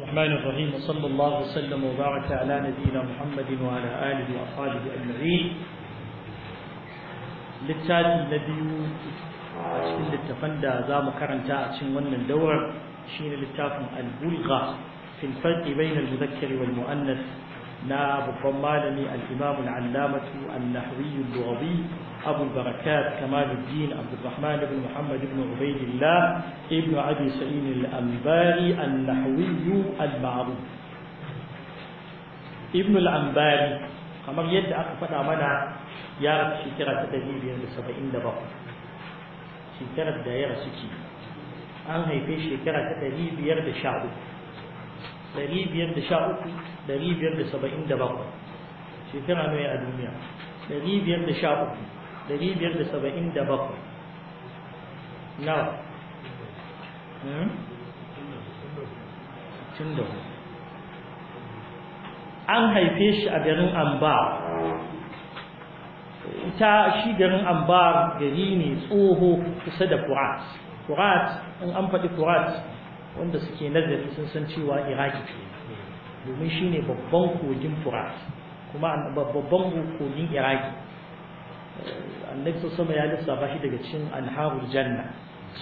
الرحمن الرحيم وصلى الله وسلم وبارك على نبينا محمد وعلى آله وأصحابه أجمعين لتالي النبي أشكل التفندى زام كرن تاعتين ون الدور شين لتافن البلغة في الفرق بين المذكر والمؤنث نا فمالني الإمام العلامة النحوي اللغوي أبو البركات كمال الدين عبد الرحمن بن محمد بن عبيد الله ابن أبي سعيد الأنباري النحوي المعروف ابن الأنباري kamar yadda aka faɗa mana ya shekara ta ɗari biyar da saba'in da bakwai shekarar da ya rasu an haife shekara ta ɗari biyar da sha uku ɗari biyar da sha uku ɗari biyar da saba'in da a duniya ɗari biyar da sha uku dari biyar da saba'in da bakwai nawa hmm? an haife shi a garin amba ita shi garin amba gari ne tsoho kusa da kurat kurat in an faɗi kurat wanda suke nazari sun san cewa iraki ce domin shi ne babban kogin kurat kuma babban kogin iraki annabi sallallahu ya lissafa shi daga cikin anharul janna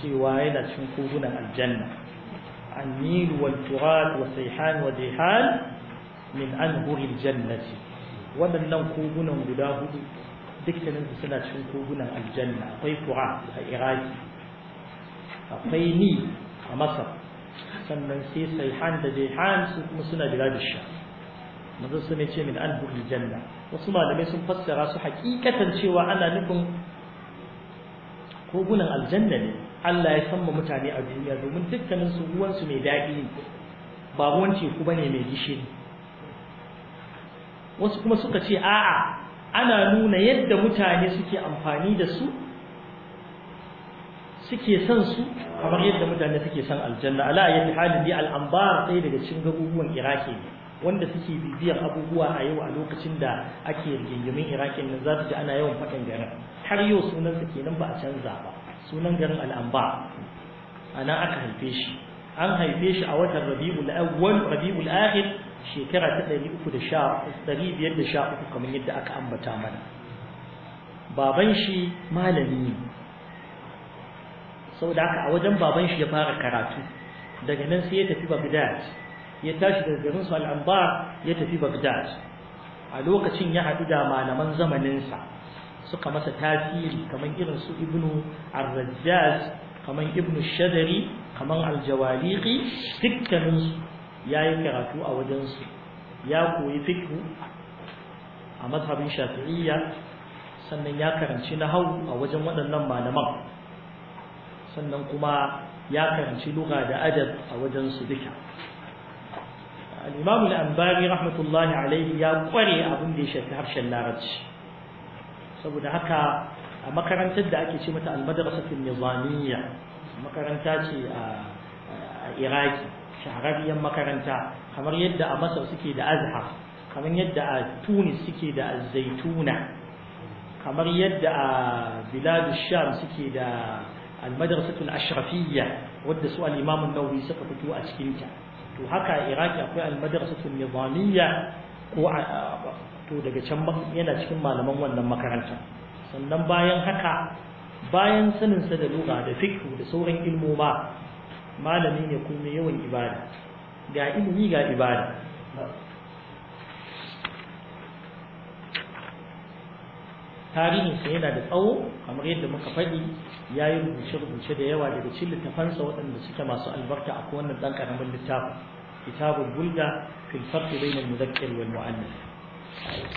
cewa yana cikin kogunan aljanna an-nil wal turat wa sayhan wa dihan min anhuril jannati wadannan kogunan guda hudu dukkanin su suna cikin kogunan aljanna akwai turat a iraki akwai ni a masar sannan sai saihan da dihan su kuma suna bila da sha manzo sun ce min albul janna wasu malamai sun fassara su hakikatan cewa ana nufin kogunan aljanna ne Allah ya sanma mutane a duniya domin dukkanin su ruwan su mai daɗi ba ruwan teku bane mai gishiri wasu kuma suka ce a'a ana nuna yadda mutane suke amfani da su suke son su kamar yadda mutane suke son aljanna ala ayyati halin di al-anbar sai daga cikin gabubuwan iraki ne wanda suke bibiyar abubuwa a yau a lokacin da ake rigingimin irakin nan za su ji ana yawan faɗin garin har yau sunansa kenan ba a canza ba sunan garin al'amba a nan aka haife shi an haife shi a watan rabi'ul awwal rabi'ul akhir shekara ta 313 kamar yadda aka ambata mana baban shi malami ne saboda haka a wajen baban shi ya fara karatu daga nan sai ya tafi Baghdad ya tashi daga garin su al'ambar ya tafi bagdad a lokacin ya haɗu da malaman zamaninsa suka masa tasiri kamar irin su ibnu ar kamar ibnu shadari kamar Aljawaliki. jawaliqi ya yi karatu a wajensu ya koyi fiqh a mazhabin shafi'iyya sannan ya karanci nahau a wajen waɗannan malaman sannan kuma ya karanci lugha da adab a wajensu duka al-imam al rahmatullahi alaihi ya kware abin da ya shafi harshen larabci saboda haka a makarantar da ake ce mata al-madrasatul nizamiyya makaranta ce a iraki shahararriyar makaranta kamar yadda a masar suke da azhar kamar yadda a tunis suke da azaituna kamar yadda a biladu sham suke da al-madrasatul ashrafiyya wadda su al-imam an-nawawi suka fito a cikinta to haka a iraki akwai almadrasatul nizamiyya ko to daga can yana cikin malaman wannan makaranta sannan bayan haka bayan saninsa da lugha da fiqh da sauran ilmoma malami ne kuma yawan ibada ga ilimi ga ibada tarihinsa yana da tsawo kamar yadda muka faɗi ya yi rubuce-rubuce da yawa daga cikin littafansa waɗanda suke masu albarka a kowane ɗan ƙaramin littafin kitabun bulga fil farqi bainal mudakkir wal mu'annas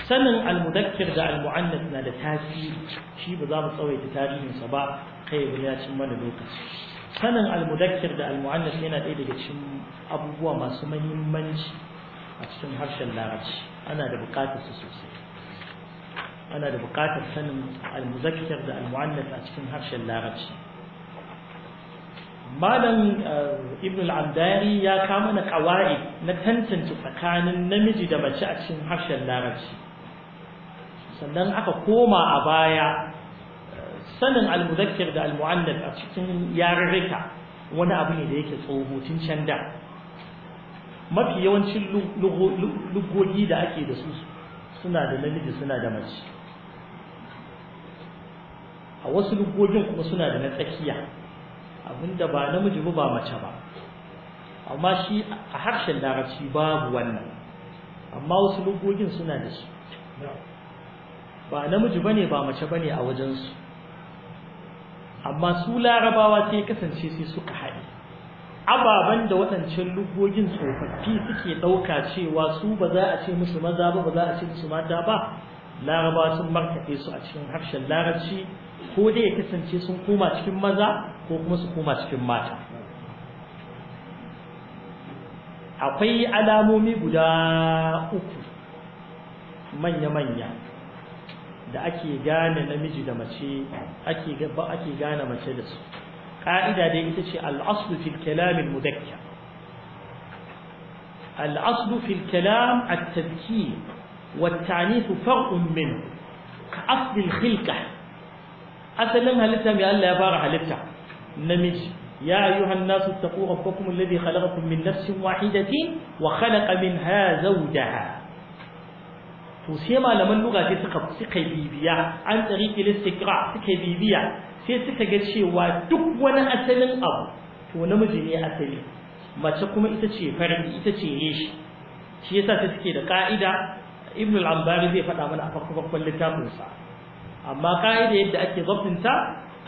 sanin al da al na da tasiri shi ba za mu tsawaita tarihinsa ba kai wani ya cin mana lokaci sanin al da almu'annas yana ɗaya daga cikin abubuwa masu muhimmanci a cikin harshen larabci ana da buƙatarsa sosai ana da buƙatar sanin almuzakkar da almu'annas a cikin harshen larabci malam eh, ibn al-abdari ya kama na kawai na tantance tsakanin namiji da mace a cikin harshen larabci sannan aka koma a baya eh, sanin almuzakkar da almu'annas a cikin yarurruka wani abu ne da yake tsohutun can da mafi yawancin lugogi da ake da su suna da namiji suna da mace a wasu luggogin kuma suna da na tsakiya abinda ba namiji ba ba mace ba amma shi a harshen larabci babu wannan amma wasu luggogin suna da shi ba namiji bane ba mace bane a wajensu amma su larabawa sai kasance sai suka haɗe ababen da waɗancan lugogin tsofaffi suke ɗauka cewa su ba za a ce musu maza ba ba za a ce musu mata ba larabawa sun markaɗe su a cikin harshen larabci ko dai ya kasance sun koma cikin maza ko kuma su koma cikin mata akwai alamomi guda uku manya-manya da ake gane namiji da mace ake gaba ake gane mace da su ka'ida dai ita ce al'aslu fil kalam al mudakkar al'aslu fil kalam at-tadhkir wa at min ka al khilqah asalin halitta mai Allah ya fara halitta namiji ya ayyuhan nasu taqu rabbakum alladhi khalaqakum min nafsin wahidatin wa khalaqa minha zawjaha to sai malaman lugha sai suka suka bibiya an tsari listiqra suka bibiya sai suka ga cewa duk wani asalin abu to namiji ne asali mace kuma ita ce farin ita ce yeshi shi yasa sai suke da ka'ida ibn al-ambari zai faɗa mana a farko farkon littafinsa amma ka'ida yadda ake zabtinta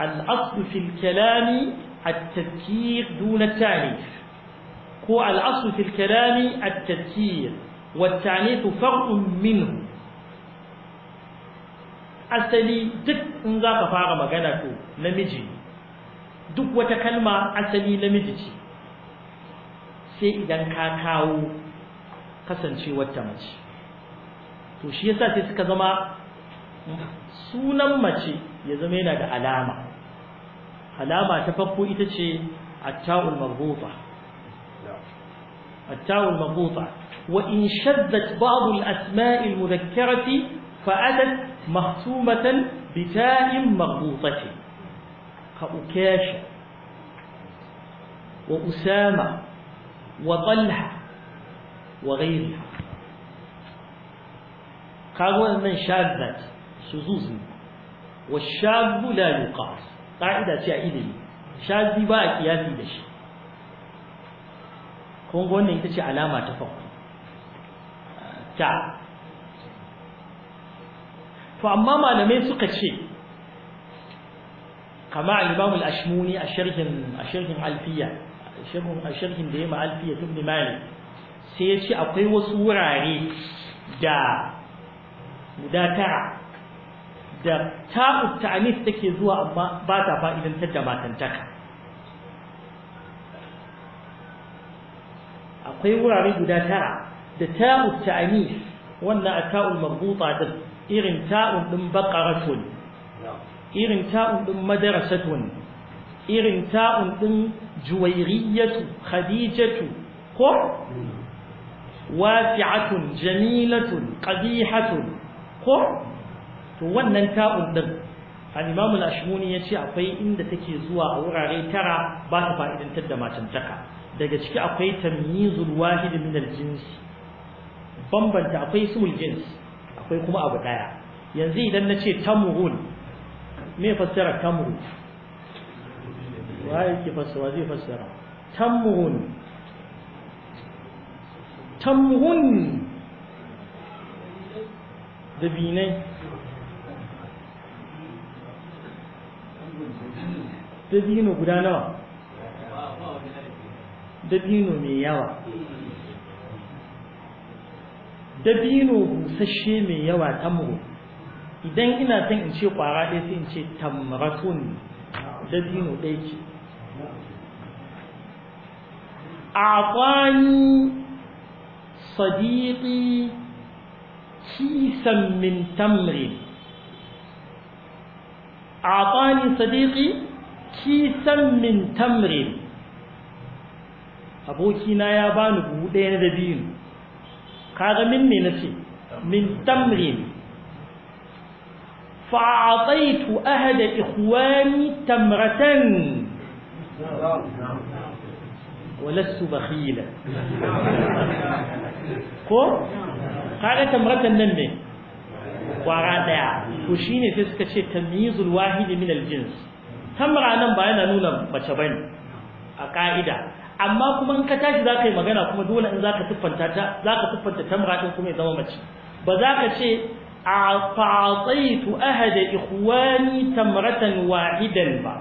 al'aslu fil kalami at-tadhkir duna ta'nif ko al'aslu fil kalami at-tadhkir wa ta'nif far'un minhu asali duk in za ka fara magana to namiji duk wata kalma asali namiji ce sai idan ka kawo kasancewar ta mace to shi yasa sai suka zama sunan mace ya zama yana da alama alama ta farko ita ce atta'ul marbuta atta'ul marbuta wa in shaddat ba'd al-asma' al mudhakkarati fa adat mahsumatan bi ta'in marbutati ka ukesh wa usama wa talha wa ghayriha kaga wannan shaddat shuzuz ne wa shabu la yuqas ka'ida ce a ilimi shazi ba a kiyasi da shi kun ga wannan ita ce alama ta farko ta to amma malamai suka ce kama al-imam al-ashmuni a sharhin a sharhin alfiya sharhin a sharhin da ya ma alfiya tun Limani sai ya ce akwai wasu wurare da guda tara da ta'ut ta'anif take zuwa amma ba ta fa'idantar da matantaka akwai wurare guda tara da ta'ut ta'anis, wannan a ta'ul marbuta din irin ta'un din baqaratun irin ta'un din madarasatun irin ta'un din juwairiyatu khadijatu ko hmm. wasi'atun jamilatun qabihatun ko to wannan ta'un din al-imamu al-ashmuni yace akwai inda take zuwa a wurare tara ba ta fa'idantar da matantaka daga ciki akwai tamyizul wahid min al-jins bambanta akwai ismul jins akwai kuma abu daya yanzu idan nace tamurun. me fassara tamurun? wai ki fassara zai fassara tamrun Da dabinai dabino guda nawa dabino mai yawa dabino busasshe mai yawa tamro idan ina son in ce kwara ɗaya sai in ce tamratun dabino ɗaya ce أعطاني صديقي كيسا من a أعطاني صديقي كيسا من تمر أبوكي نايا بان غودين ذبين كاغا من نسي من تمر فأعطيت أهل إخواني تمرة ولست بخيلا كو كاغا تمرة نمي وعادا وشيني تسكتش تمييز الواحد من الجنس tamra nan ba yana nuna mace bane a ka'ida amma kuma in ka tashi za yi magana kuma dole in za ka ta zaka tuffanta tamra din kuma ya zama mace ba za ka ce a fa'aitu ahada ikhwani tamratan wahidan ba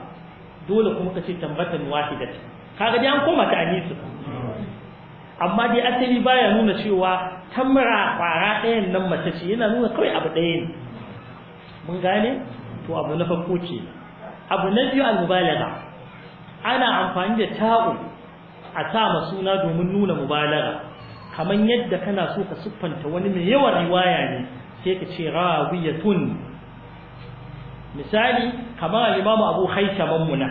dole kuma ka ce tamratan wahidatan kaga dai an koma ta anisu amma dai asali baya nuna cewa tamra fara ɗayan nan mace ce yana nuna kawai abu ɗaya ne mun gane to abu na farko ce. abu na biyu al-mubalagha ana amfani da ta'u a sa ma suna domin nuna mubalagha kamar yadda kana so ka siffanta wani mai yawan riwaya ne sai ka ce rawiyatun misali kamar al-imam Abu Haytham muna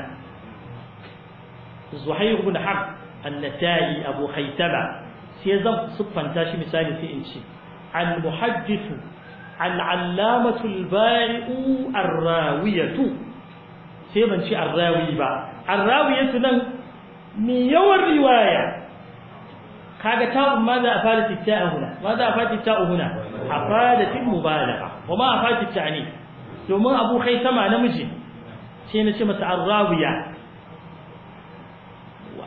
Zuhair ibn Harb an Abu Haythama sai zan siffanta shi misali sai in ce al-muhaddithu al-allamatu al-bari'u ar-rawiyatu sai ban ci arrawi ba arrawi yasu nan mi yawan riwaya kaga ta umma za a fara titta huna ma za a fara titta huna a fara tin mubalagha wa ma a fara titta ne domin abu kai sama namiji sai na ce masa arrawiya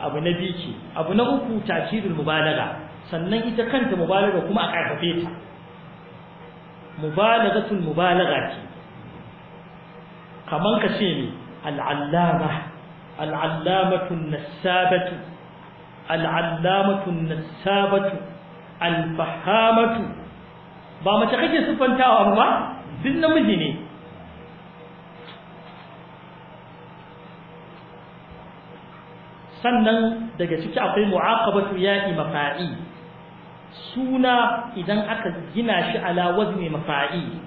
abu na biki abu na uku tashirul mubalagha sannan ita kanta mubalagha kuma a karfafe ta mubalaghatul mubalagha ce kaman ka ce ni العلامة العلامة النسابة العلامة النسابة الفحامة ba mace kake siffantawa ba duk namiji ne sannan daga ciki akwai mu'aqabatu ya'i mafa'i suna idan aka gina shi ala wazni mafa'i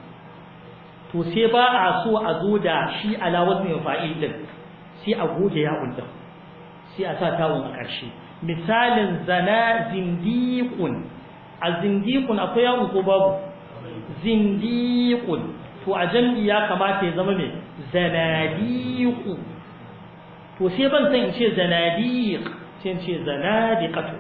to sai ba a so a zo da shi ala wazn fa'il din sai a goge ya ɗin, sai a sa tawun a ƙarshe misalin zana zindikun, a zindikun akwai ya ko babu Zindikun. to a jam'i ya kamata ya zama mai zanadiku. to sai ban san in ce zanadik, sai in ce zanadiqatu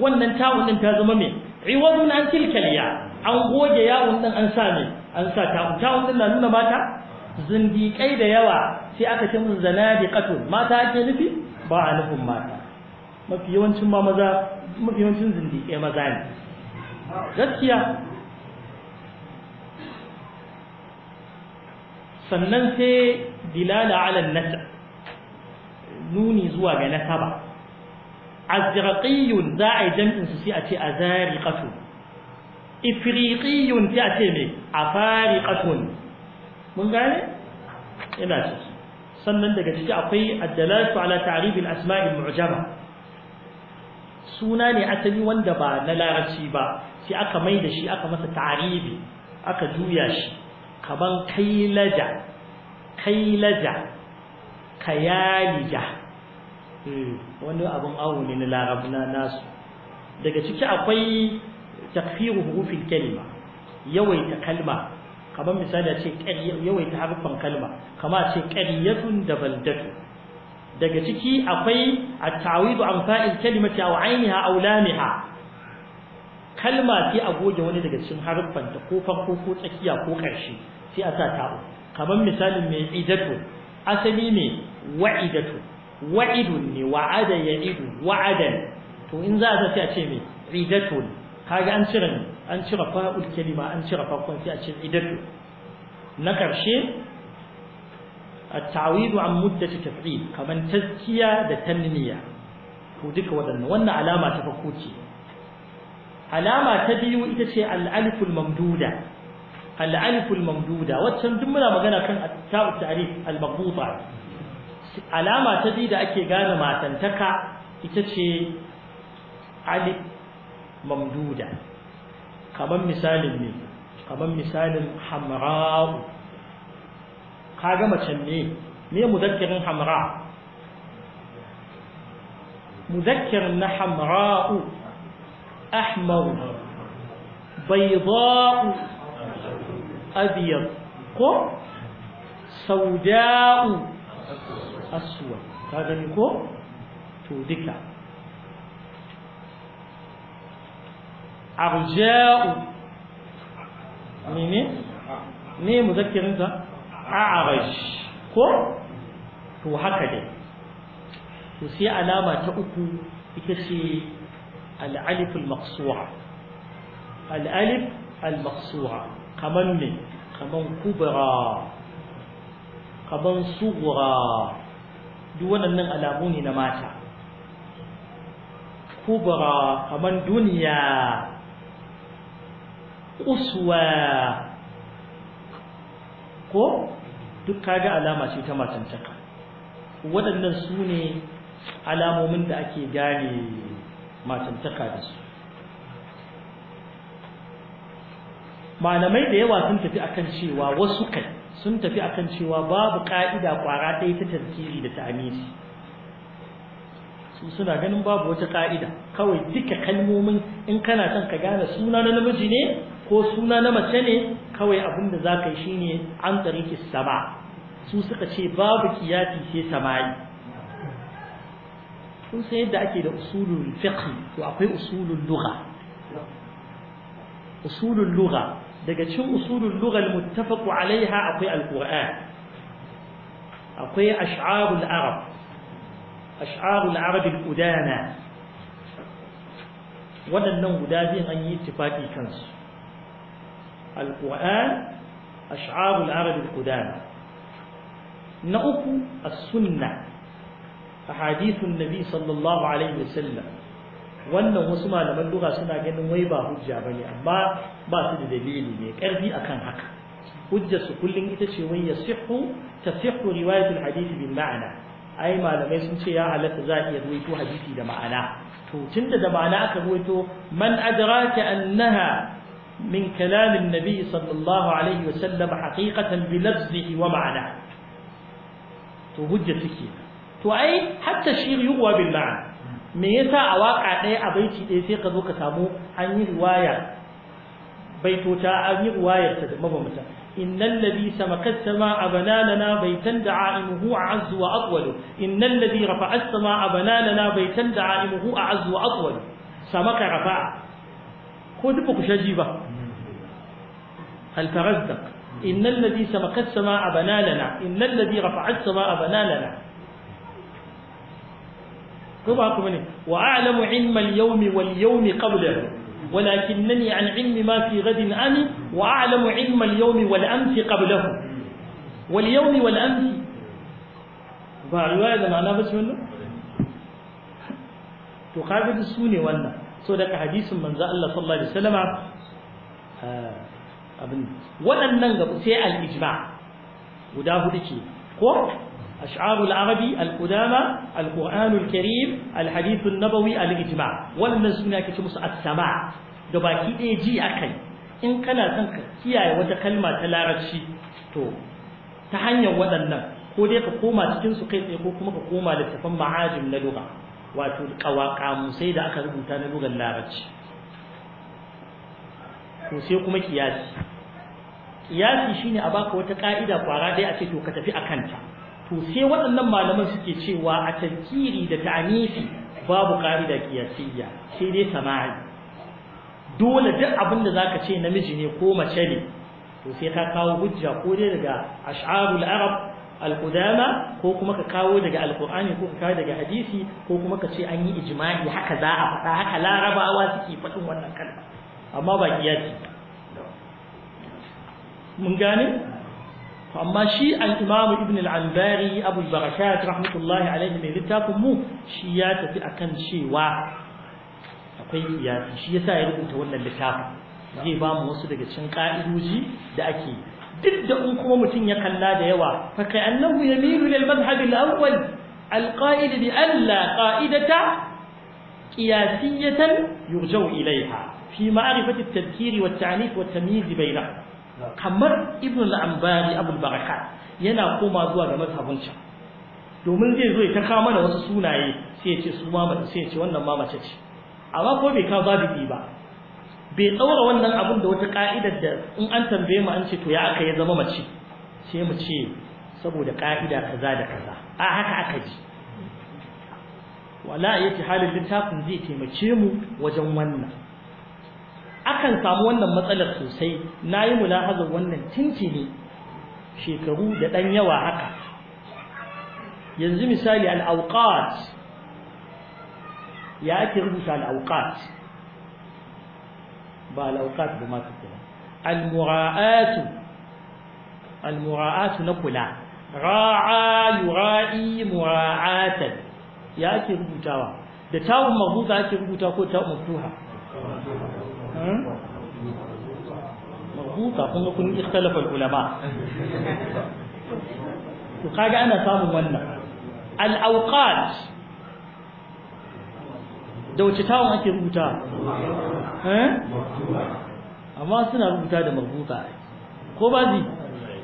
wannan tawun ɗin ta zama mai iwazun an tilkal ya an goge yawun ɗin an sa mai an sa ta ta'un din na nuna mata zindiƙai da yawa sai aka ce musu zanadiqatun mata ake nufi ba a nufin mata mafi yawancin ma maza mafi yawancin zindiƙai maza ne gaskiya sannan sai dilala ala nasa nuni zuwa ga nasaba azraqiyun za a yi jam'in su sai a ce azariqatun ifriqiyun sai a ce me afariqatun mun gane ina ciki sannan daga ciki akwai addalatu ala ta'rif al-asma' suna ne asali wanda ba na larabci ba sai aka mai da shi aka masa ta'ribi aka juya shi kaman kailaja kailaja kayalija hmm, wani abin awo ne na larabci na nasu daga ciki akwai takfiru hurufin kalma yawaita kalma kamar misali ce yawaita harfan kalma kama ce ƙaryatun da baldatu daga ciki akwai at-ta'widu an fa'il kalimati aw 'ainiha aw lamiha kalma ce a goge wani daga cikin harfan ta ko farko ko tsakiya ko ƙarshe. sai a sa ta'u kamar misalin mai idatu asali ne wa'idatu wa'idun ne wa'ada ya'idu wa'adan to in za a sai a ce mai idatun kaga an cire an cire fa'ul kalima an cire farkon a cikin idatu na karshe at tawidu an muddati taf'il kaman tazkiya da tanmiya to duka wadannan wannan alama ta farko ce alama ta biyu ita ce al mamduda al mamduda waccan duk muna magana kan at-ta'u ta'rif al alama ta biyu da ake gane matantaka ita ce alif ممدودة كما مثال مي كما مثال حمراء كاغا ما تشني مي مذكر حمراء مذكر حمراء أحمر بيضاء أبيض كو سوداء أسود هذا يكون تودكا arja'u mene ne muzakkirin sa a'arash ko to haka dai to sai alama ta uku ita ce al-alif al-maqsura al-alif al-maqsura kaman ne kaman kubra kaman sughra duk wannan alamu ne na mata kubra kaman duniya uswa ko duk kaga alama ce ta matantaka waɗannan su ne alamomin da ake gane matantaka da su malamai da yawa sun tafi akan cewa wasu kai sun tafi akan cewa babu ka'ida kwara ɗaya ta tarkiri da ta'amisi su suna ganin babu wata ka'ida kawai duka kalmomin in kana son ka gane suna na namiji ne ko suna na mace ne kawai abin da za ka yi shine an tsariki sama su suka ce babu kiyafi sai samayi kun san yadda ake da usulul fiqh to akwai usulul lugha usulul lugha daga cikin usulul lugha al alaiha akwai al-qur'an akwai ash'arul arab ash'arul arab al-udana waɗannan guda biyan an yi ittifaqi kansu القرآن أشعار العرب القدامى نقف السنة أحاديث النبي صلى الله عليه وسلم وأن وسمى لما اللغة سنة كان ويبا حجة بني أبا باسد دليل ميك يعني. أربي أكان حقا حجة كل إتشي وين يصح تصح رواية الحديث بالمعنى أي ما لم يسمى يا على تزاي يرويتو حديثي دمعنا تو تند دمعنا أكبوتو من أدراك أنها من كلام النبي صلى الله عليه وسلم حقيقة بلفظه ومعناه وهجة سكينة وأي حتى الشيء يغوى بالمعنى me yasa a waka ɗaya a baiti ɗaya sai ka zo ka samu an yi riwaya baitota an yi riwayar ta da mabamta innal ladhi samaka as-samaa banalana baitan da'imuhu a'azz wa atwal innal ladhi rafa'a as-samaa banalana ko duk ku shaji ba هل ترزق إن الذي سبق السماء بنالنا إن الذي رفع السماء بنالنا وأعلم علم اليوم واليوم قبله ولكنني عن علم ما في غد أني وأعلم علم اليوم والأمس قبله واليوم والأمس فرواية معناه بس منه تقابل السوني وانا صدق حديث من ذا الله صلى الله عليه وسلم آه. waɗannan gaba sai al’ijma guda hudu ke ko ash'arul arabi al-qudama al al-hadithun nabawi al-ijma wannan suna kace musu as-sama da baki ɗaya ji akai in kana son ka kiyaye wata kalma ta larabci to ta hanyar waɗannan ko dai ka koma cikin su kai tsaye ko kuma ka koma littafin ma'ajim na lugha wato kawaka musai da aka rubuta na lugar larabci to sai kuma kiyasi kiyasi shine a baka wata ka'ida kwara dai a ce to ka tafi akan ta to sai waɗannan malaman suke cewa a tafkiri da ta'anifi babu ka'ida kiyasiyya sai dai sama'i dole duk abin da zaka ce namiji ne ko mace ne to sai ka kawo hujja ko dai daga ash'arul arab al-qudama ko kuma ka kawo daga alqur'ani ko ka kawo daga hadisi ko kuma ka ce an yi ijma'i haka za a faɗa haka larabawa suke faɗin wannan kalma amma ba kiya ce mun gane amma shi al-imamu ibn al-anbari abu barakat rahmatullahi alaihi mai littafin mu shi ya tafi akan cewa akwai kiyasi shi yasa ya rubuta wannan littafin zai ba mu wasu daga cikin ka'idoji da ake duk da in kuma mutum ya kalla da yawa fa kai annahu yamilu lil madhhab al-awwal al-qa'id bi an la qa'idata qiyasiyatan yurja'u ilayha في معرفة التذكير والتعنيف والتمييز at kamar ibn al-anbari barakat yana koma zuwa ga mazhabin domin zai zo ya ta da mana wasu sunaye sai ya ce su ma mace sai ce wannan ma ce amma ko bai kawo bi ba bai tsaura wannan abun da wata ka'idar da in an tambaye mu an ce to ya aka ya zama mace sai mu ce saboda ka'ida kaza da kaza a haka aka ji wala yati halin littafin zai taimake mu wajen wannan akan samu wannan matsalar sosai na yi mulahazar wannan tintini shekaru da ɗan yawa haka yanzu misali al'auƙat ya ake rubuta al'auƙat ba al'auƙat ba masu kula al-mura'atu al-mura'atu na kula ra'a yura'i mura'atan ya ake rubutawa da ta'un mabuta ake rubuta ko ta'un maftuha marbuta hmm? kun kun ikhtalafa ulama to kaga ana samun wannan al awqat da wace tawon ake rubuta eh amma suna rubuta da marbuta ko bazi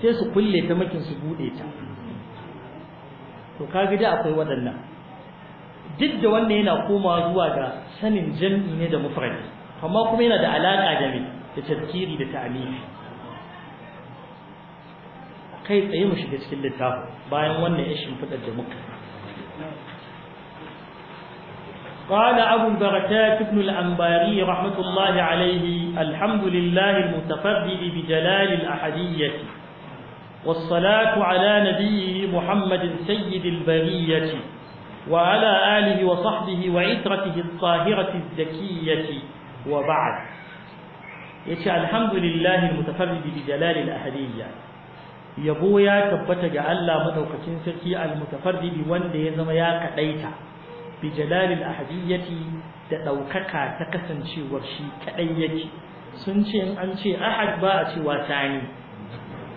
sai su kulle ta makin su bude ta to kaga da akwai waɗannan duk da wannan yana komawa zuwa ga sanin jam'i ne da mufradi amma kuma yana da alaka da me da tafkiri da ta'alifi kai tsaye mu shiga cikin littafin bayan wannan ya shimfiɗar da muka قال أبو البركات بن الأنباري رحمة الله عليه الحمد لله المتفرد بجلال الأحدية والصلاة على نبيه محمد سيد البرية وعلى آله وصحبه وعترته الطاهرة الزكية wa ba'd yace alhamdulillahi mutafarrid bi jalali al-ahadiyya yabo ya tabbata ga Allah madaukakin sarki al-mutafarrid wanda ya zama ya kadaita bi jalali al-ahadiyyati da daukaka ta kasancewar shi kadai yake sun ce in an ce ahad ba a cewa sani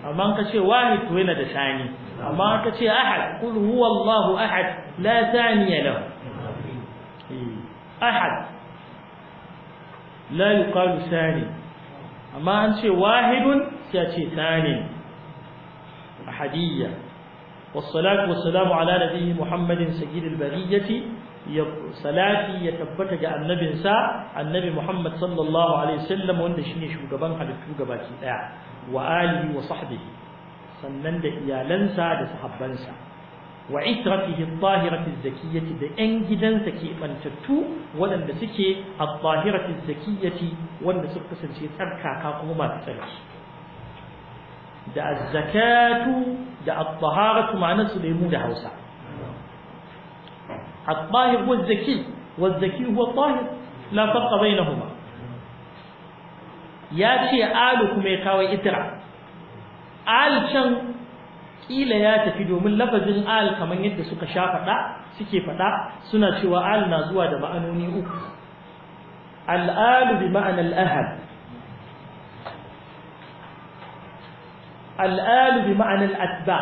amma ka ce wahid to yana da sani amma ka ce ahad kul huwallahu ahad la thaniya lahu eh, ahad la yuqalu sani amma an ce wahidun sai a ce sani ahadiyya والصلاة والسلام على نبيه محمد سيد البرية salati ya tabbata ga annabinsa annabi Muhammad sallallahu alaihi wasallam wanda shine shugaban halittu gabaki daya wa alihi wa sahbihi sannan da iyalansa da sahabbansa wa isratihi at-tahirati az-zakiyyati da yan gidansa ke bantattu waɗanda suke at-tahirati az-zakiyyati wanda suka kasance tsarkaka kuma masu tsarki da az-zakatu da at-taharatu ma'ana su da mu da Hausa at-tahir az-zaki wa az-zaki huwa at-tahir la farqa bainahuma ya ce alu kuma ya kawo itra al can kila ya tafi domin lafazin al kaman yadda suka sha fada suke fada suna cewa al na zuwa da ma'anoni uku al al bi ma'ana al ahad al al bi ma'ana al atba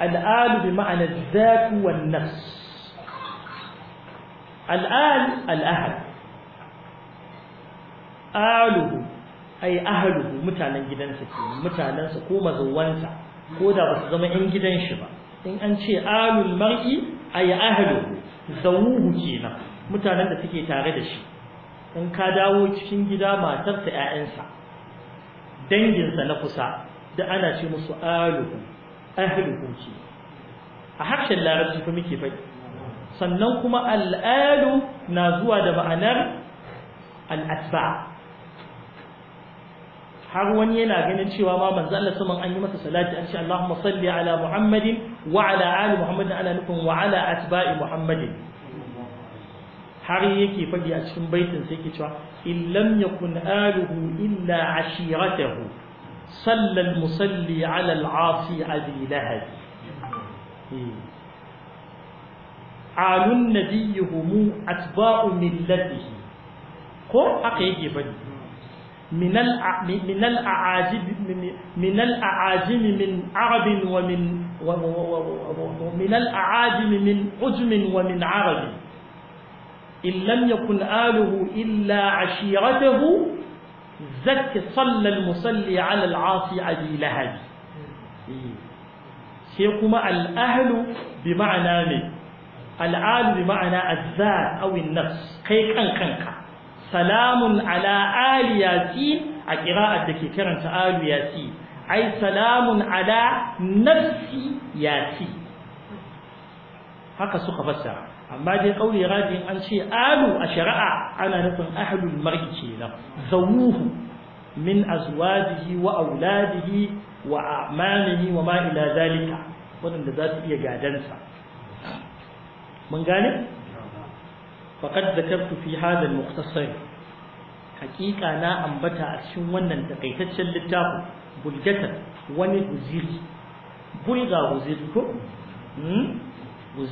al al bi ma'ana al zaku wan nafs al al al ahad aluhu ai ahluhu mutanen gidansa ke mutanensa ko mazawansa ko da ba su zama yan gidan shi ba in an ce alul mar'i ai ahluhu zawuhu kenan mutanen da suke tare da shi in ka dawo cikin gida matarsa ƴaƴansa danginsa na kusa da ana ce musu aluhu ahluhu ce. a harshen larabci fa muke faɗi sannan kuma al'alu na zuwa da ma'anar al'asba har wani yana ganin cewa ma manzo Allah saman an yi masa salati an ce Allahumma salli ala Muhammadin wa ala ali Muhammadin ana nufin wa ala atba'i Muhammadin har yake fadi a cikin baitin sai yake cewa in lam yakun aluhu illa ashiratahu salla al-musalli ala al-asi abi lahab hmm. alun nabiyyi atba'u millatihi ko haka yake fadi من الأعاجم من الأعاجم من عرب ومن ومن الأعاجم من عجم ومن عرب إن لم يكن آله إلا عشيرته زك صلى المصلي على العاصي أبي لهب سيقوم الأهل بمعنى من الآل بمعنى الذات أو النفس كي كان كنكا salamun ala ali yasin a qira'ar da ke karanta alu yasi ai salamun ala nafsi yasi haka suka fassara amma dai kauli rabi an ce alu a shari'a ana nufin ahlul mar'i kenan zawuhu min azwajihi wa auladihi wa amanihi wa ma ila zalika wadanda za su iya gadansa mun gane faqad da fi hadha al hakika na ambata a cikin wannan takaitaccen littafin bulgatan wani guziri bulga guziri ko Filfar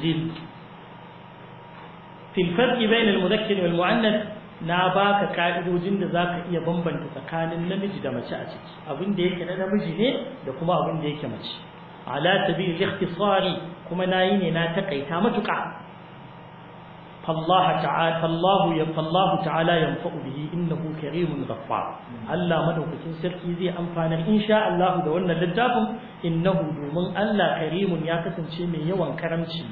في الفرق بين المذكر والمؤنث na baka ka'idojin da zaka iya bambanta tsakanin namiji da mace a ciki abin da yake na namiji ne da kuma abin da yake mace ala tabil ikhtisari kuma nayi ne na takaita matuƙa. فالله تعالى فالله فالله تعالى ينفع به انه كريم غفار الله مدوكين سركي زي insha Allah da wannan littafin innahu domin Allah karimun ya kasance mai yawan karamci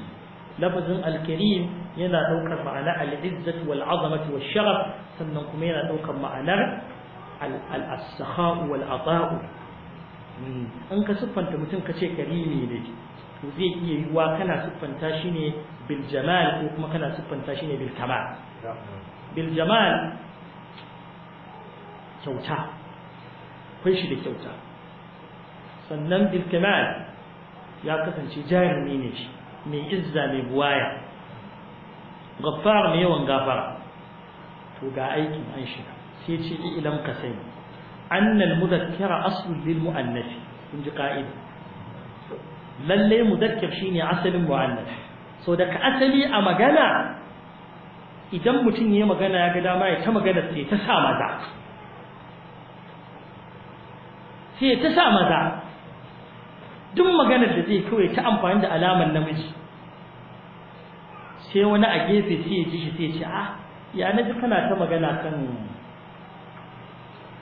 lafazin alkarim yana ɗaukar ma'anar al-izzat wal azamati sharaf sannan kuma yana ɗaukar ma'anar al-askha'u in ka siffanta mutum ka ce karimi ne to zai iya yiwa kana siffanta shi ne بالجمال ko kuma kana siffanta shi ne bil kamal bil jamal kyauta akwai shi da kyauta sannan bil kamal ya kasance jarumi ne shi mai izza mai buwaya gaffar mai yawan gafara to ga aikin an shiga sai ce ilam ka sai annal mudakkara aslul lil muannafi kun ji ka'ida lalle mudakkar shine asalin muannafi so daga asali a magana idan mutum ya magana ya ga dama ya ta magana sai ta sa maza sai ta sa maza duk maganar da zai kawai ta amfani da alamar namiji sai wani a gefe sai ya ji shi sai ya ce a ah, ya ji kana ta magana kan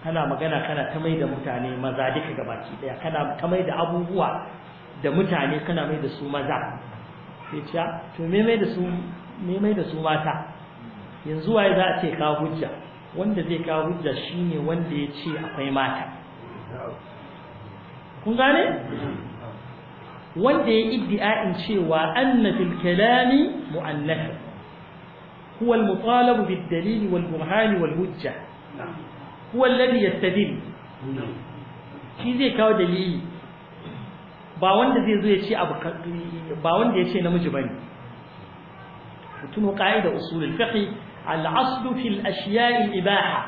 kana magana kana ta mai da mutane maza duka gabaki daya kana ta mai da abubuwa da mutane kana mai da su maza sai ah, to da su da su mata yanzu waye za a ce ka hujja wanda zai kawo hujja shine wanda ya ce akwai mata kun gane wanda ya iddi'a'in cewa anna fil kalami mu'annath huwa al-mutalab bid dalil wal burhan wal hujja huwa alladhi yastadil shi zai kawo dalili ba wanda zai zo ya ce abu ba wanda ya ce namiji bane mutum qaida usul al-fiqh al-asl fil al-ashya' al-ibaha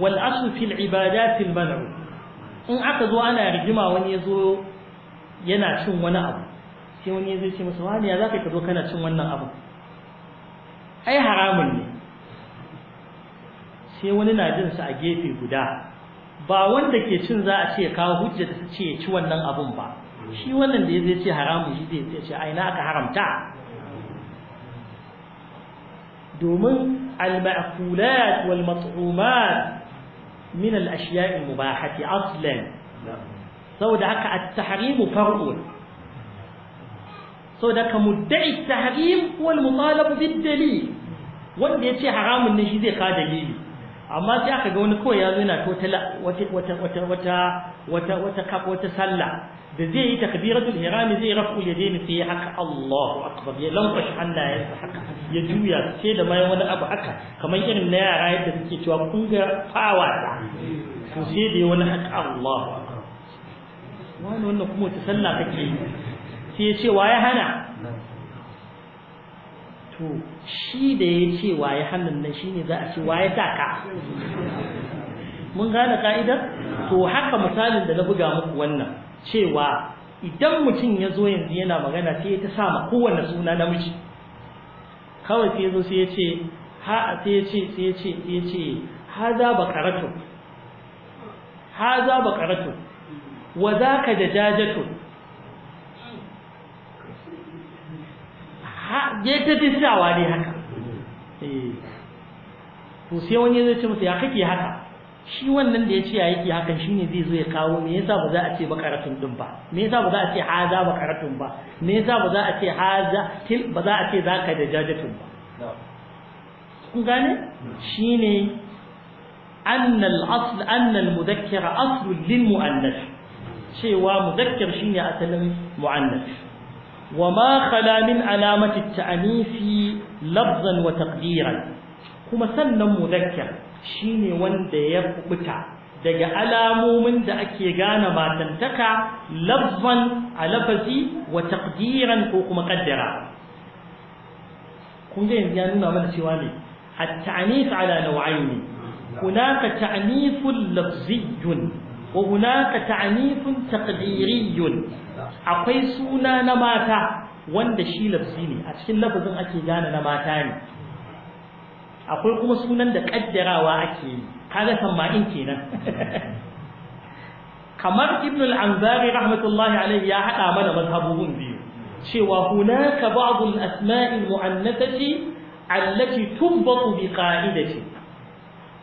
wal asl fi al-ibadat al-man' in aka zo ana rigima wani yazo yana cin wani abu sai wani yazo ce masa wani ya zaka ka zo kana cin wannan abu ai haramun ne sai wani na jin sa a gefe guda ba wanda ke cin za a ce kawo hujja ta ce ya ci wannan abun ba shi wannan da ya zai ce haramu shi zai ce aina aka haramta domin al-ma'kulat wal mat'umat min al-ashiya' al-mubahati aslan saboda haka at-tahrimu far'un saboda ka mudda'i at-tahrim wal mutalab bid-dalil wanda yace haramun ne shi zai ka dalili amma sai aka ga wani kawai ya zo yana totala wata wata wata wata wata wata wata sallah da zai yi takbiratul hirami zai rafu ya daina haka Allahu akbar ya lankwashi haka ya juya sai da mai wani abu haka kamar irin na yara yadda suke cewa kun ga fawa to sai da wani haka Allahu akbar wani wannan kuma wata sallah kake yi sai ya ce wa ya hana to shi da ya ce waye hannun nan shine za a ce waye saka mun gane ka'idar to haka misalin da na buga muku wannan cewa idan mutum ya zo yanzu yana magana sai ta sama kowane suna namiji kawai sai ya zo sai ya ce ha sai ya ce sai ya ce sai ya ce Ha za ha za ba karatu wa da dajajatu ya ta ne haka eh. to sai wani zai ce masa ya kake haka shi wannan da ya ce ya yake haka shine zai zo ya kawo me yasa ba za a ce bakaratun din ba me yasa ba za a ce haza bakaratun ba me yasa ba za a ce haza til ba za a ce zaka da jajatun ba kun gane shine أن الأصل أن المذكر أصل للمؤنث شيء ومذكر شيء أتلم مؤنث وما خلا من علامة التأنيث لفظا وتقديرا كما سنن مذكر wanda ya يفقطع daga alamomin da ake gane matantaka lafzan a lafazi wa taqdiran ko kuma kaddara kun ga yanzu ya nuna mana cewa ne at-ta'nif ala naw'ayn hunaka ta'nifun lafziyyun wa hunaka ta'nifun taqdiriyun akwai suna na mata wanda shi lafzi ne a cikin lafazin ake gane na mata ne akwai kuma sunan da kaddarawa ake yi kaga samma'in kenan kamar ibn al-anzari rahmatullahi alaihi ya hada mana mazhabubun biyu cewa hunaka ba'd al-asma' al-mu'annathati allati tubbatu bi qa'idati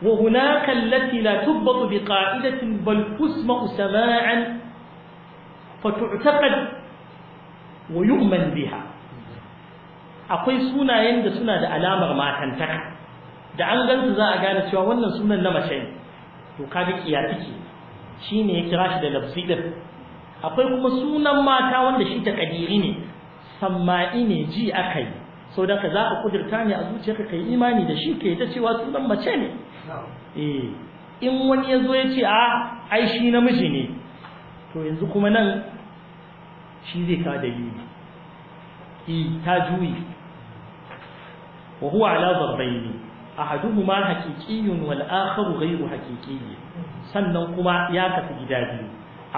wa hunaka allati la tubbatu bi qa'idatin bal tusma'u sama'an فتعتقد ويؤمن بها akwai sunayen da suna da alamar matantaka da an gansu za a gane cewa wannan sunan na mace ne to kaga kiyatiki shine ya kira shi da labsidin akwai kuma sunan mata wanda shi ta kadiri ne samma'i ne ji akai so da ka za a kudurta ne a zuciyarka kai imani da shi ke ta cewa sunan mace ne eh in wani ya zo ya ce a ai shi namiji ne to yanzu kuma nan shi zai ka da yi e, ta juyi wa huwa ala zarbaini ahaduhuma haqiqiyyun wal akharu ghayru haqiqiyyi sannan kuma ya kafi gida biyu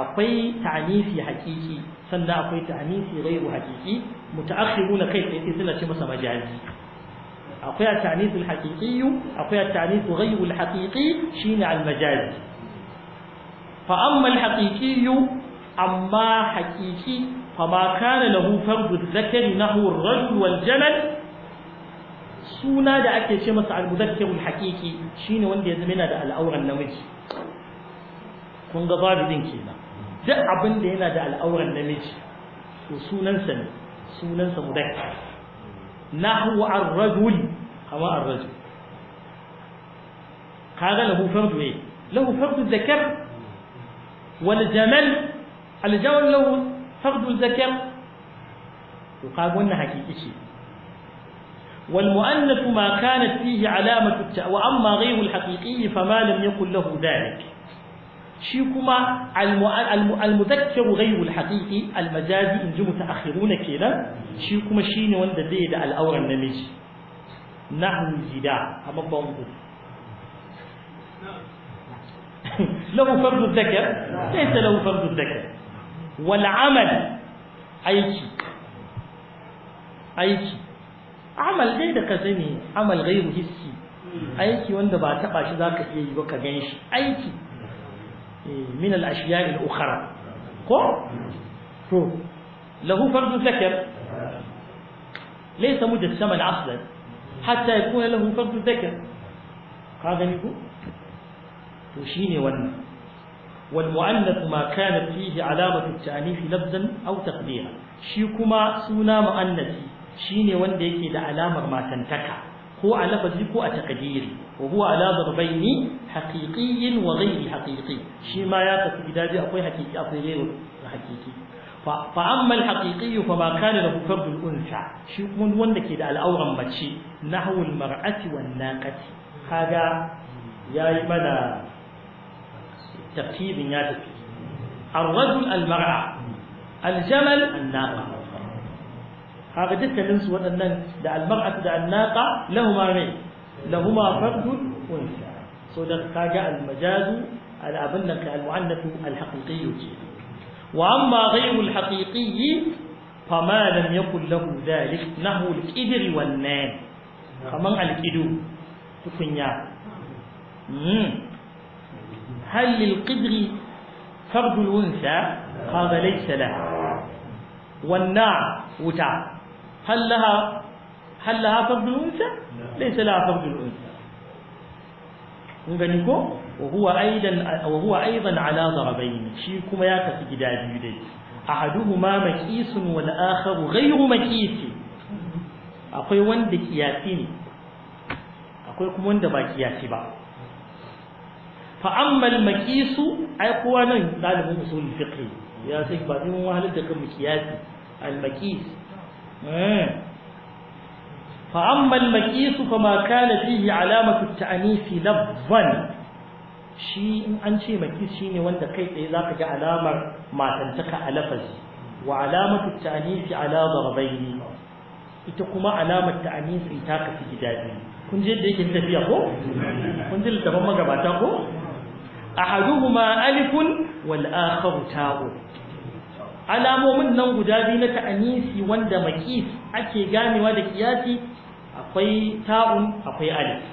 akwai ta'anifi haqiqi sannan akwai ta'anifi ghayru haqiqi mutaakhiruna kai sai suna ce masa majazi akwai at-ta'nif haqiqi akwai at-ta'nif ghayru haqiqi shine al-majazi fa amma al-haqiqi amma hakiki fama kana lahu fardu zakari nahu ar-rajul wal jamal suna da ake ce masa al-muzakkir al-haqiqi shine wanda ya zama yana da al'auran namiji kun ga babu din kenan duk abin da yana da al'auran namiji to sunansa ne sunansa mudakkir nahu ar-rajul kama ar-rajul kaga lahu fardu ne na fardu zakar wal jamal الجواب الأول فقد الذكر يقابلنا حقيقي والمؤنث ما كانت فيه علامة الت... وأما غير الحقيقي فما لم يكن له ذلك شيكما المذكر غير الحقيقي المجازي إن جمت أخرون كذا شيكما شين وند زيد الأور النمج نحن الجداع أما بمضي نعم. له فرد الذكر ليس له فرد الذكر والعمل aiki aiki amal dai da ka sani amal gairu hissi aiki wanda ba taba shi zaka iya yi ba ka gan shi aiki min al ashiya al ukhra ko to lahu fardu dhakar laysa mujassaman aslan hatta yakuna lahu fardu dhakar ka gani ko to shine wannan والمؤنث ما كانت فيه علامة التأنيث لفظا أو تقديرا kuma suna سونا مؤنثي شيني wanda yake da alamar matantaka ko a lafazi ko a taqdiri wa huwa ala darbayn haqiqiyyin wa ghayri haqiqi shi ma ya tafi gida bi akwai haqiqi akwai ghayri haqiqi fa amma al haqiqi fa ma kana lahu fardul shi kuma wanda ke da al'auran mace nahwu al mar'ati wan naqati kaga yayi mana ترتيب ياتي الرجل المرأة الجمل الناقة هذا جدا ننس أن دع المرأة دع الناقة لهما مين لهما فرد وإنسان صدق كاجا المجاز الأبنة المعنف الحقيقي وأما غير الحقيقي فما لم يكن له ذلك نحو الكدر والنان كمان الكدو تكنيا هل للقدر فرد الأنثى قال ليس لها والنار وتع هل لها هل لها فرد الأنثى ليس لها فرد الأنثى نغنيكو وهو أيضا وهو أيضا على ضربين شي كما يكفي جداد يدي أحدهما مكيس والآخر غير مكيس أقوي وند كياسي أقوي كم وند با كياسي با فأما المكيس أقوانا بعد من أصول الفقه يا سيك بعد من أهل مكياس المكيس آه. فأما المكيس فما كان فيه علامة التأنيف لفظا شيء أن شيء مكيس شيء وانت كيف إذا علامة ما تنتقى على وعلامة التأنيف على ضربين إتقما علامة التأنيف إتاك في جدادين كنت جد ديك انت فيه أخو كنت جد ديك انت فيه أخو أحدهما ألف والآخر تاء alamomin nan guda biyu na ta'anisi wanda makis ake ganewa da kiyasi akwai ta'un akwai alif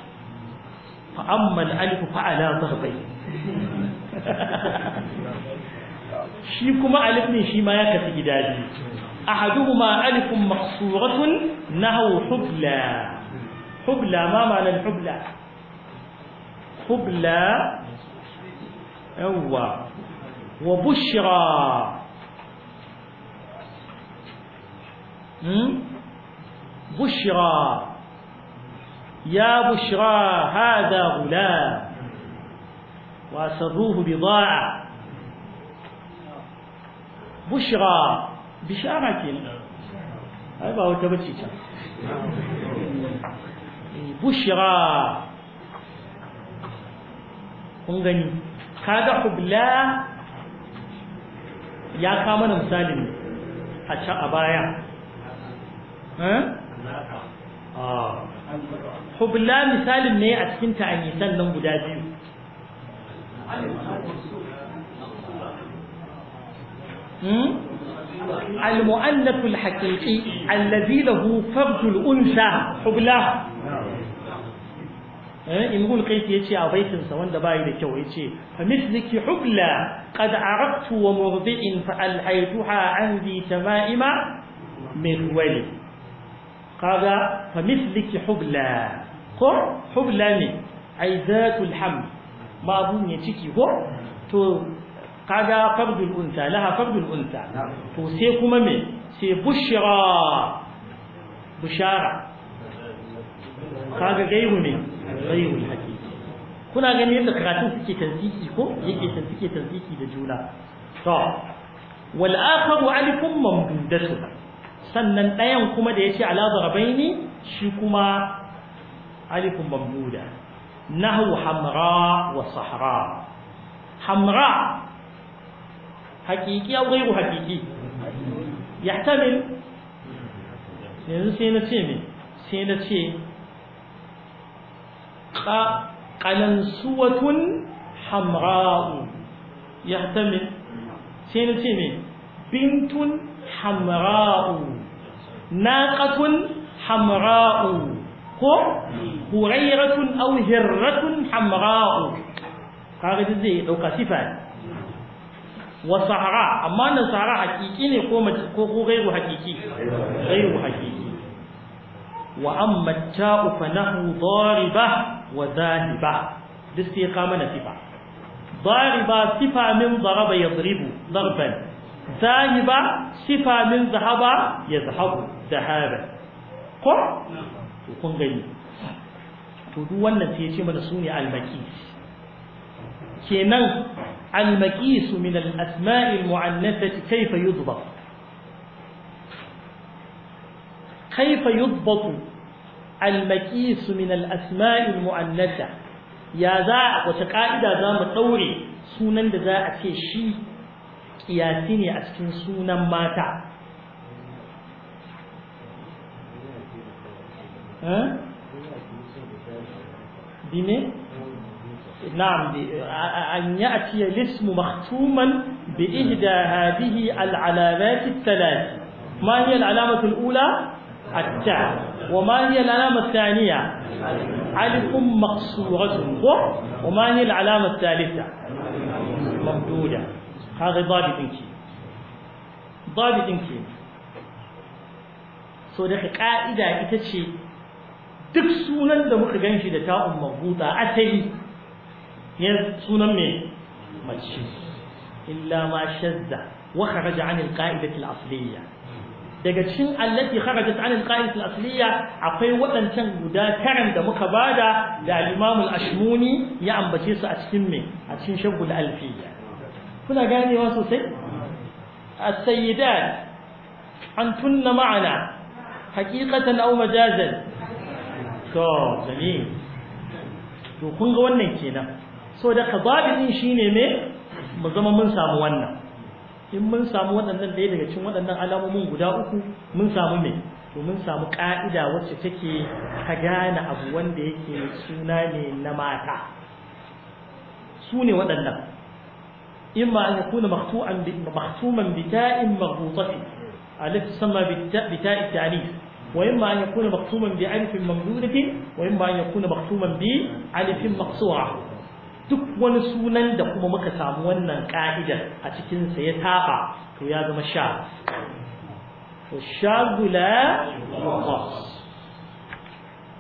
fa amma alif fa ala zarbai shi kuma alif ne shi ma ya kasu gida biyu ahaduhuma alifun maqsuratun nahwu hubla hubla ma ma'anar hubla hubla أوى وبشرى بشرى يا بشرى هذا غلام وأسروه بضاعة بشرى بشارة هاي هو بشرى kun kaga hubla ya kama na misalin a can a baya eh? ah. hubla misalin ne a cikin ta'anisan nan guda biyu المؤنث الحقيقي الذي له فرد الأنثى حبلاه Eh, imrul qais yace a baitinsa wanda bai da kyau yace fa mithliki hubla qad araftu wa murdi'in fa alhaytuha andi tama'ima min wali kaga fa mithliki hubla ko hubla ne ai zatul ham ma ya ciki ko to kaga fardul unsa laha fardul unsa to sai kuma me sai bushra bushara kaga gairu ne ghayrul haqiqi kuna ganin yadda karatun suke tanziki ko yake suke tanziki da juna to wal akharu alifun mamdudatu sannan ɗayan kuma da yace ala darabaini shi kuma alifun mamduda nahwu hamra wa sahra hamra haqiqi aw ghayru haqiqi yahtamil yanzu sai na ce me sai na ce qalansuwatun hamra'u yahtami sai na ce me bintun hamra'u naqatun hamra'u ko hurairatun aw hirratun hamra'u kaga zai ɗauka sifa wa sahara amma nan sahara hakiki ne ko ko ko gairu hakiki gairu hakiki wa amma ta'u fa nahu dariba wa zahiba duk sai ka mana sifa min صفة ya ضرب zarban zahiba ذاهبا صفة من ذهب يذهب ذهابا ko to kun gani to duk wannan sai ya ce mana sune al-maqis kenan al-maqis min al-asma'i al-mu'annathati kayfa almakisu min alasma'il mu'annata ya za a wata ka'ida za mu ɗaure sunan da za a ce shi kiyasi ne a cikin sunan mata dine? na'am an yi a lismu maktuman bi ihda hadihi al'alamati talati ma hiya al'alamatul ula a ta'a وما هي العلامة الثانية ألف مقصورة وما هي العلامة الثالثة ممدودة هذا ضابط كي ضابط كي so daga ka'ida ita ce duk sunan da muka gan shi da ta'un mabuta asali ne sunan mai mace illa ma shazza wa kharaja an al-qa'idati al daga cikin allati kharajat an al-qa'id al-asliya akwai waɗancan guda karan da muka bada da al-imam al ya ambace su a cikin me a cikin shagul alfiya kuna ganewa sosai as-sayyidat an tunna ma'ana haqiqatan aw majazan to jami'i to kun ga wannan kenan so da qadabin shine me mu zama mun samu wannan in mun samu waɗannan ɗaya daga cikin waɗannan alamomin guda uku mun samu me to mun samu ƙa'ida wacce take ka gane abu wanda yake suna ne na mata su ne waɗannan in ma an yakuna maktuman bita'in maghbutati alif sama bita'i ta'anis وإما أن يكون مقسوما بألف ممدودة وإما أن maktuman bi بألف مقصورة duk wani sunan da kuma muka samu wannan ka'idar a cikinsa ya taɓa to ya zama sha to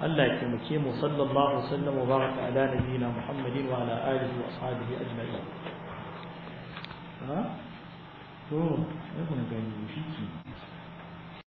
Allah taimake mu sallallahu sallam ala nabiyina Muhammadin wa ha to gani shi